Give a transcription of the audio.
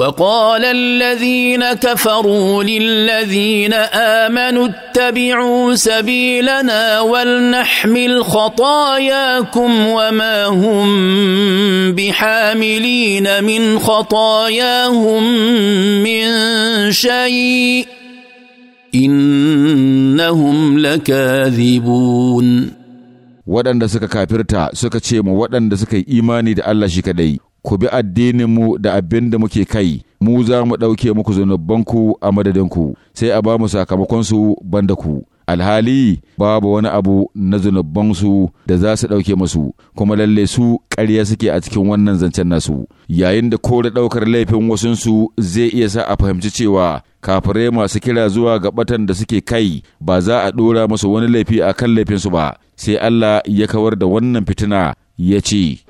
وقال الذين كفروا للذين امنوا اتبعوا سبيلنا ولنحمل خطاياكم وما هم بحاملين من خطاياهم من شيء انهم لكاذبون waɗanda suka kafirta suka ce ma waɗanda suka yi imani da Allah shi ku bi addininmu da abin da muke kai, mu za mu ɗauke muku zunubanku a madadinku, sai a ba mu sakamakonsu banda ku. Alhali babu wani abu na zunubansu da za su ɗauke masu, kuma lalle su ƙarya suke a cikin wannan zancen nasu, yayin da kore ɗaukar laifin wasunsu zai iya sa a fahimci cewa kafirai masu kira zuwa ga batan da suke kai ba za a ɗora musu wani laifi a kan laifinsu ba, sai Allah ya kawar da wannan fitina ya ce.